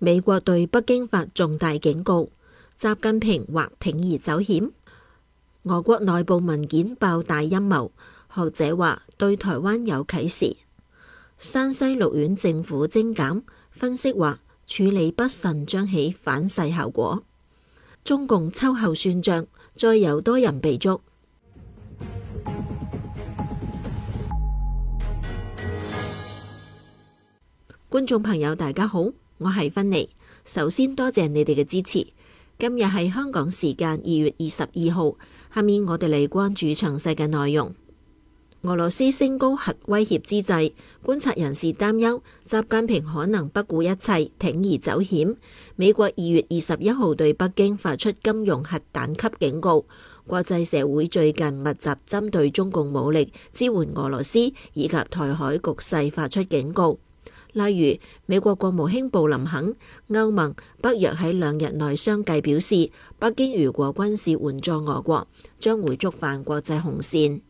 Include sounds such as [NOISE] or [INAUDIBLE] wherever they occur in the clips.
美國對北京發重大警告，習近平或鋌而走險。俄國內部文件爆大陰謀，學者話對台灣有啟示。山西六縣政府精簡，分析話處理不慎將起反噬效果。中共秋後算賬，再有多人被捉。 [MUSIC] 觀眾朋友，大家好。我係芬妮，首先多謝你哋嘅支持。今日係香港時間二月二十二號，下面我哋嚟關注詳細嘅內容。俄羅斯升高核威脅之際，觀察人士擔憂習近平可能不顧一切鋌而走險。美國二月二十一號對北京發出金融核彈級警告，國際社會最近密集針對中共武力支援俄羅斯以及台海局勢發出警告。例如，美國國務卿布林肯、歐盟、北約喺兩日內相繼表示，北京如果軍事援助俄國，將會觸犯國際紅線。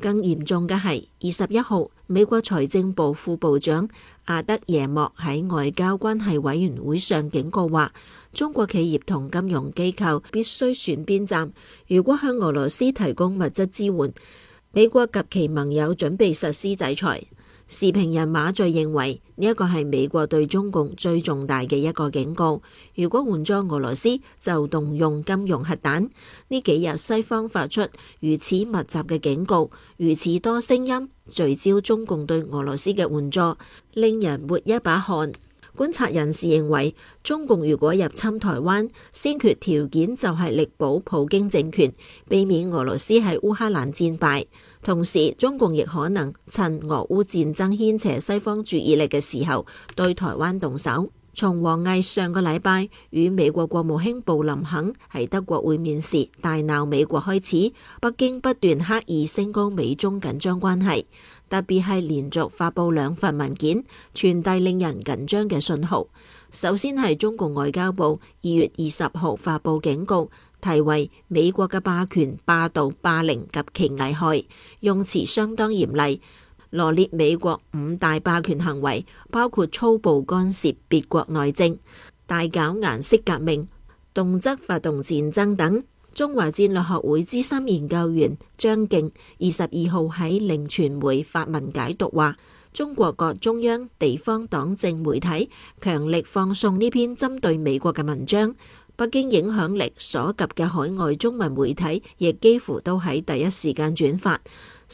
更嚴重嘅係二十一號，美國財政部副部長阿德耶莫喺外交關係委員會上警告話，中國企業同金融機構必須選邊站，如果向俄羅斯提供物質支援，美國及其盟友準備實施制裁。時評人馬聚認為呢一個係美國對中共最重大嘅一個警告。如果援咗俄羅斯，就動用金融核彈。呢幾日西方發出如此密集嘅警告，如此多聲音聚焦中共對俄羅斯嘅援助，令人抹一把汗。觀察人士認為，中共如果入侵台灣，先決條件就係力保普京政權，避免俄羅斯喺烏克蘭戰敗。同時，中共亦可能趁俄烏戰爭牽扯西方注意力嘅時候，對台灣動手。從王毅上個禮拜與美國國務卿布林肯喺德國會面時大鬧美國開始，北京不斷刻意升高美中緊張關係，特別係連續發布兩份文件，傳遞令人緊張嘅信號。首先係中共外交部二月二十號發布警告，題為《美國嘅霸權、霸道、霸凌及其危害》，用詞相當嚴厲。羅列美國五大霸權行為，包括粗暴干涉別國內政、大搞顏色革命、動輒發動戰爭等。中華戰略學會資深研究員張敬二十二號喺零傳媒發文解讀話：中國各中央、地方黨政媒體強力放送呢篇針對美國嘅文章，北京影響力所及嘅海外中文媒體亦幾乎都喺第一時間轉發。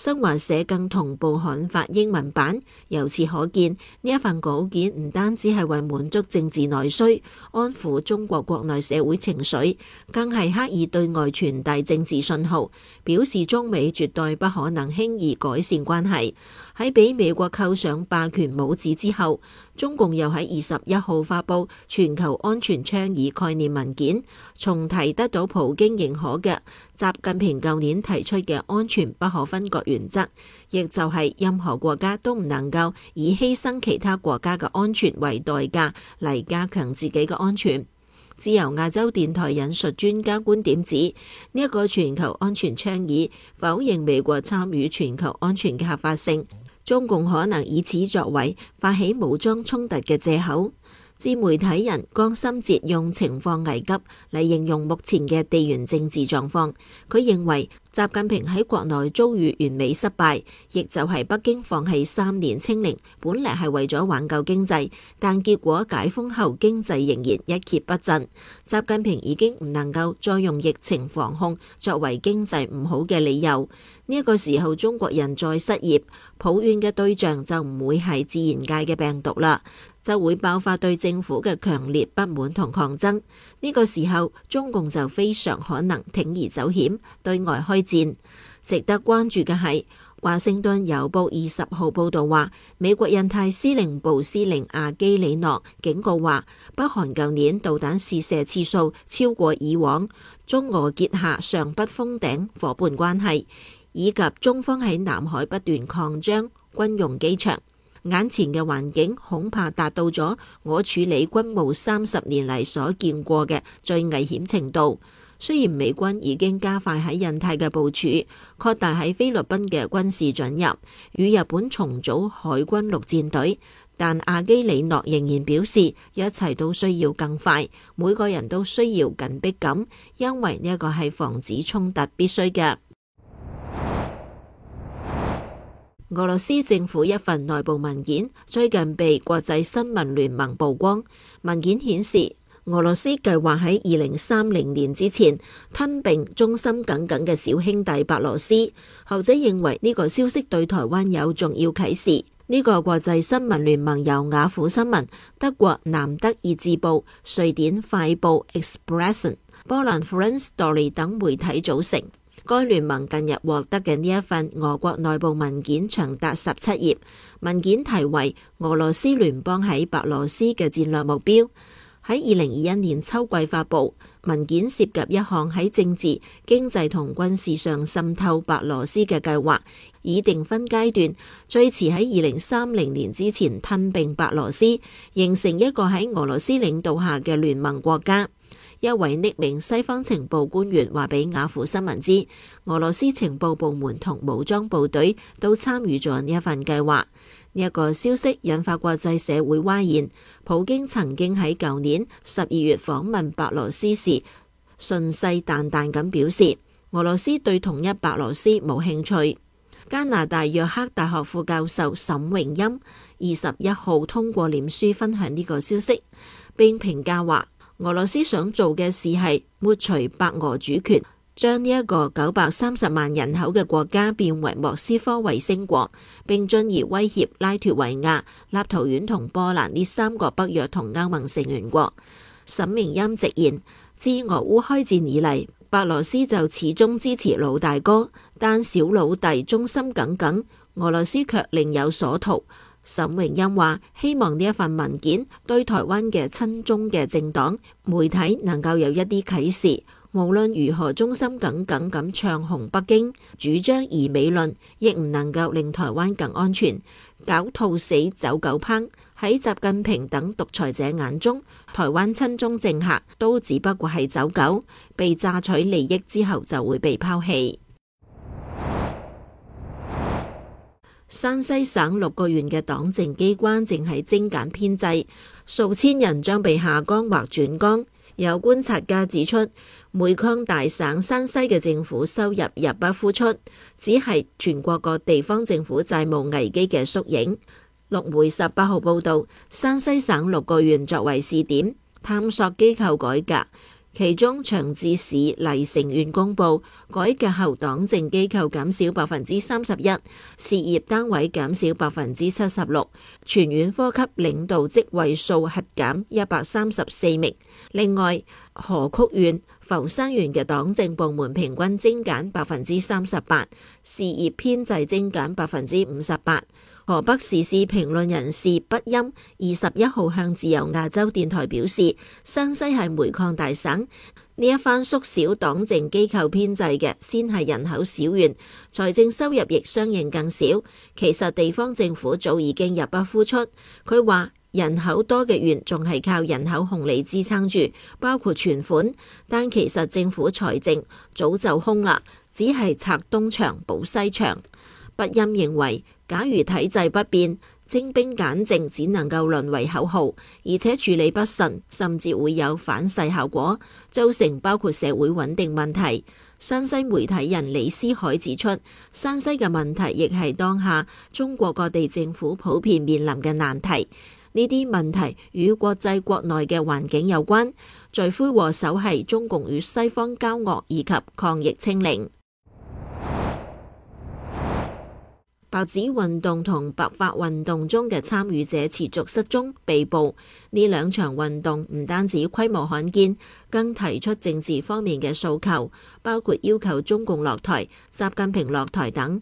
新華社更同步刊發英文版，由此可見，呢一份稿件唔單止係為滿足政治內需、安撫中國國內社會情緒，更係刻意對外傳遞政治信號，表示中美絕對不可能輕易改善關係。喺俾美國扣上霸權帽子之後，中共又喺二十一號發布《全球安全倡議概念文件》，重提得到普京認可嘅習近平舊年提出嘅安全不可分割原則，亦就係任何國家都唔能夠以犧牲其他國家嘅安全為代價嚟加強自己嘅安全。自由亞洲電台引述專家觀點指，呢一個全球安全倡議否認美國參與全球安全嘅合法性。中共可能以此作為發起武裝衝突嘅借口自媒體人江心哲用情況危急嚟形容目前嘅地緣政治狀況。佢認為習近平喺國內遭遇完美失敗，亦就係北京放棄三年清零。本嚟係為咗挽救經濟，但結果解封後經濟仍然一蹶不振。習近平已經唔能夠再用疫情防控作為經濟唔好嘅理由。呢一個時候，中國人再失業，抱怨嘅對象就唔會係自然界嘅病毒啦，就會爆發對政府嘅強烈不滿同抗爭。呢個時候，中共就非常可能鋌而走險，對外開戰。值得關注嘅係《華盛頓郵報》二十號報道話，美國印太司令部司令阿基里諾警告話，北韓舊年導彈試射次數超過以往，中俄結下上不封頂夥伴關係。以及中方喺南海不斷擴張軍用機場，眼前嘅環境恐怕達到咗我處理軍務三十年嚟所見過嘅最危險程度。雖然美軍已經加快喺印太嘅部署，擴大喺菲律賓嘅軍事准入，與日本重組海軍陸戰隊，但阿基里諾仍然表示，一切都需要更快，每個人都需要緊迫感，因為呢一個係防止衝突必須嘅。俄羅斯政府一份內部文件最近被國際新聞聯盟曝光。文件顯示，俄羅斯計劃喺二零三零年之前吞併忠心耿耿嘅小兄弟白羅斯。學者認為呢個消息對台灣有重要啟示。呢、這個國際新聞聯盟由雅虎新聞、德國南德意志報、瑞典快報 Expressen 波蘭 France Story 等媒體組成。該聯盟近日獲得嘅呢一份俄國內部文件，長達十七頁。文件題為《俄羅斯聯邦喺白羅斯嘅戰略目標》，喺二零二一年秋季發布。文件涉及一項喺政治、經濟同軍事上滲透白羅斯嘅計劃，已定分階段，最遲喺二零三零年之前吞並白羅斯，形成一個喺俄羅斯領導下嘅聯盟國家。一位匿名西方情報官員話俾雅虎新聞知，俄羅斯情報部門同武裝部隊都參與咗呢一份計劃。呢、這、一個消息引發國際社會譁然。普京曾經喺舊年十二月訪問白羅斯時，信誓旦旦咁表示，俄羅斯對同一白羅斯冇興趣。加拿大約克大學副教授沈榮欽二十一號通過臉書分享呢個消息，並評價話。俄羅斯想做嘅事係抹除白俄主權，將呢一個九百三十萬人口嘅國家變為莫斯科衛星國，並進而威脅拉脱維亞、立陶宛同波蘭呢三個北約同歐盟成員國。沈明音直言：自俄烏開戰以嚟，白羅斯就始終支持老大哥，但小老弟忠心耿耿，俄羅斯卻另有所圖。沈榮欣話：希望呢一份文件對台灣嘅親中嘅政黨媒體能夠有一啲啟示。無論如何，忠心耿耿咁唱紅北京、主張而美論，亦唔能夠令台灣更安全。搞「兔死走狗烹。喺習近平等獨裁者眼中，台灣親中政客都只不過係走狗，被榨取利益之後就會被拋棄。山西省六個縣嘅黨政機關正喺精簡編制，數千人將被下崗或轉崗。有觀察家指出，煤礦大省山西嘅政府收入入不敷出，只係全國各地方政府債務危機嘅縮影。六月十八號報道，山西省六個縣作為試點，探索機構改革。其中，長治市黎城縣公布改革後黨政機構減少百分之三十一，事業單位減少百分之七十六，全縣科級領導職位數核減一百三十四名。另外，河曲縣、浮山縣嘅黨政部門平均精簡百分之三十八，事業編制精簡百分之五十八。河北時事評論人士畢音二十一號向自由亞洲電台表示：山西係煤礦大省，呢一番縮小黨政機構編制嘅，先係人口小縣，財政收入亦相應更少。其實地方政府早已經入不敷出。佢話人口多嘅縣仲係靠人口紅利支撐住，包括存款，但其實政府財政早就空啦，只係拆東牆補西牆。畢音認為。假如體制不變，精兵簡政只能夠淪為口號，而且處理不慎，甚至會有反噬效果，造成包括社會穩定問題。山西媒體人李思海指出，山西嘅問題亦係當下中國各地政府普遍面臨嘅難題。呢啲問題與國際國內嘅環境有關，罪魁禍首係中共與西方交惡以及抗疫清零。白紙運動同白髮運動中嘅參與者持續失蹤、被捕。呢兩場運動唔單止規模罕見，更提出政治方面嘅訴求，包括要求中共落台、習近平落台等。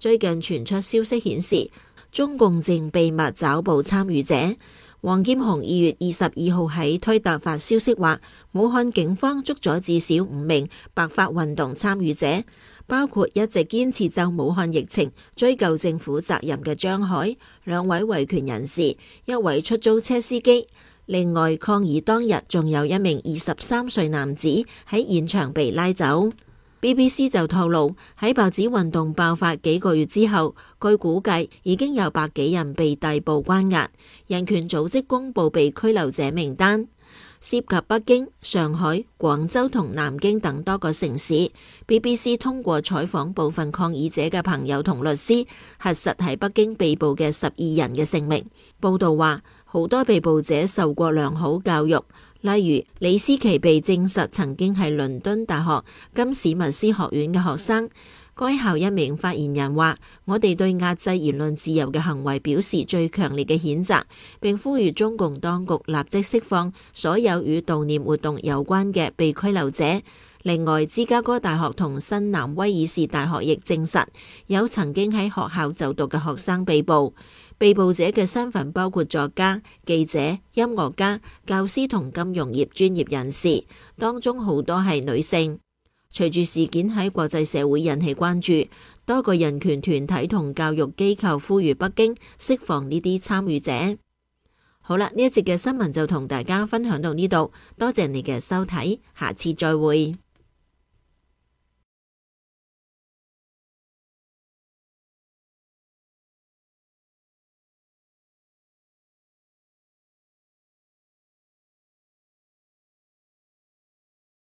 最近傳出消息顯示，中共正秘密抓捕參與者。王劍雄二月二十二號喺推特發消息話，武漢警方捉咗至少五名白髮運動參與者。包括一直堅持就武漢疫情追究政府責任嘅張海，兩位維權人士，一位出租車司機。另外，抗議當日仲有一名二十三歲男子喺現場被拉走。BBC 就透露，喺白紙運動爆發幾個月之後，據估計已經有百幾人被逮捕關押。人權組織公布被拘留者名單。涉及北京、上海、廣州同南京等多個城市，BBC 通過採訪部分抗議者嘅朋友同律師，核實喺北京被捕嘅十二人嘅姓名。報道話，好多被捕者受過良好教育，例如李思琪被證實曾經係倫敦大學金史密斯學院嘅學生。該校一名發言人話：我哋對壓制言論自由嘅行為表示最強烈嘅譴責，並呼籲中共當局立即釋放所有與悼念活動有關嘅被拘留者。另外，芝加哥大學同新南威爾士大學亦證實，有曾經喺學校就讀嘅學生被捕。被捕者嘅身份包括作家、記者、音樂家、教師同金融業專業人士，當中好多係女性。隨住事件喺國際社會引起關注，多個人權團體同教育機構呼籲北京釋放呢啲參與者。好啦，呢一節嘅新聞就同大家分享到呢度，多謝你嘅收睇，下次再會。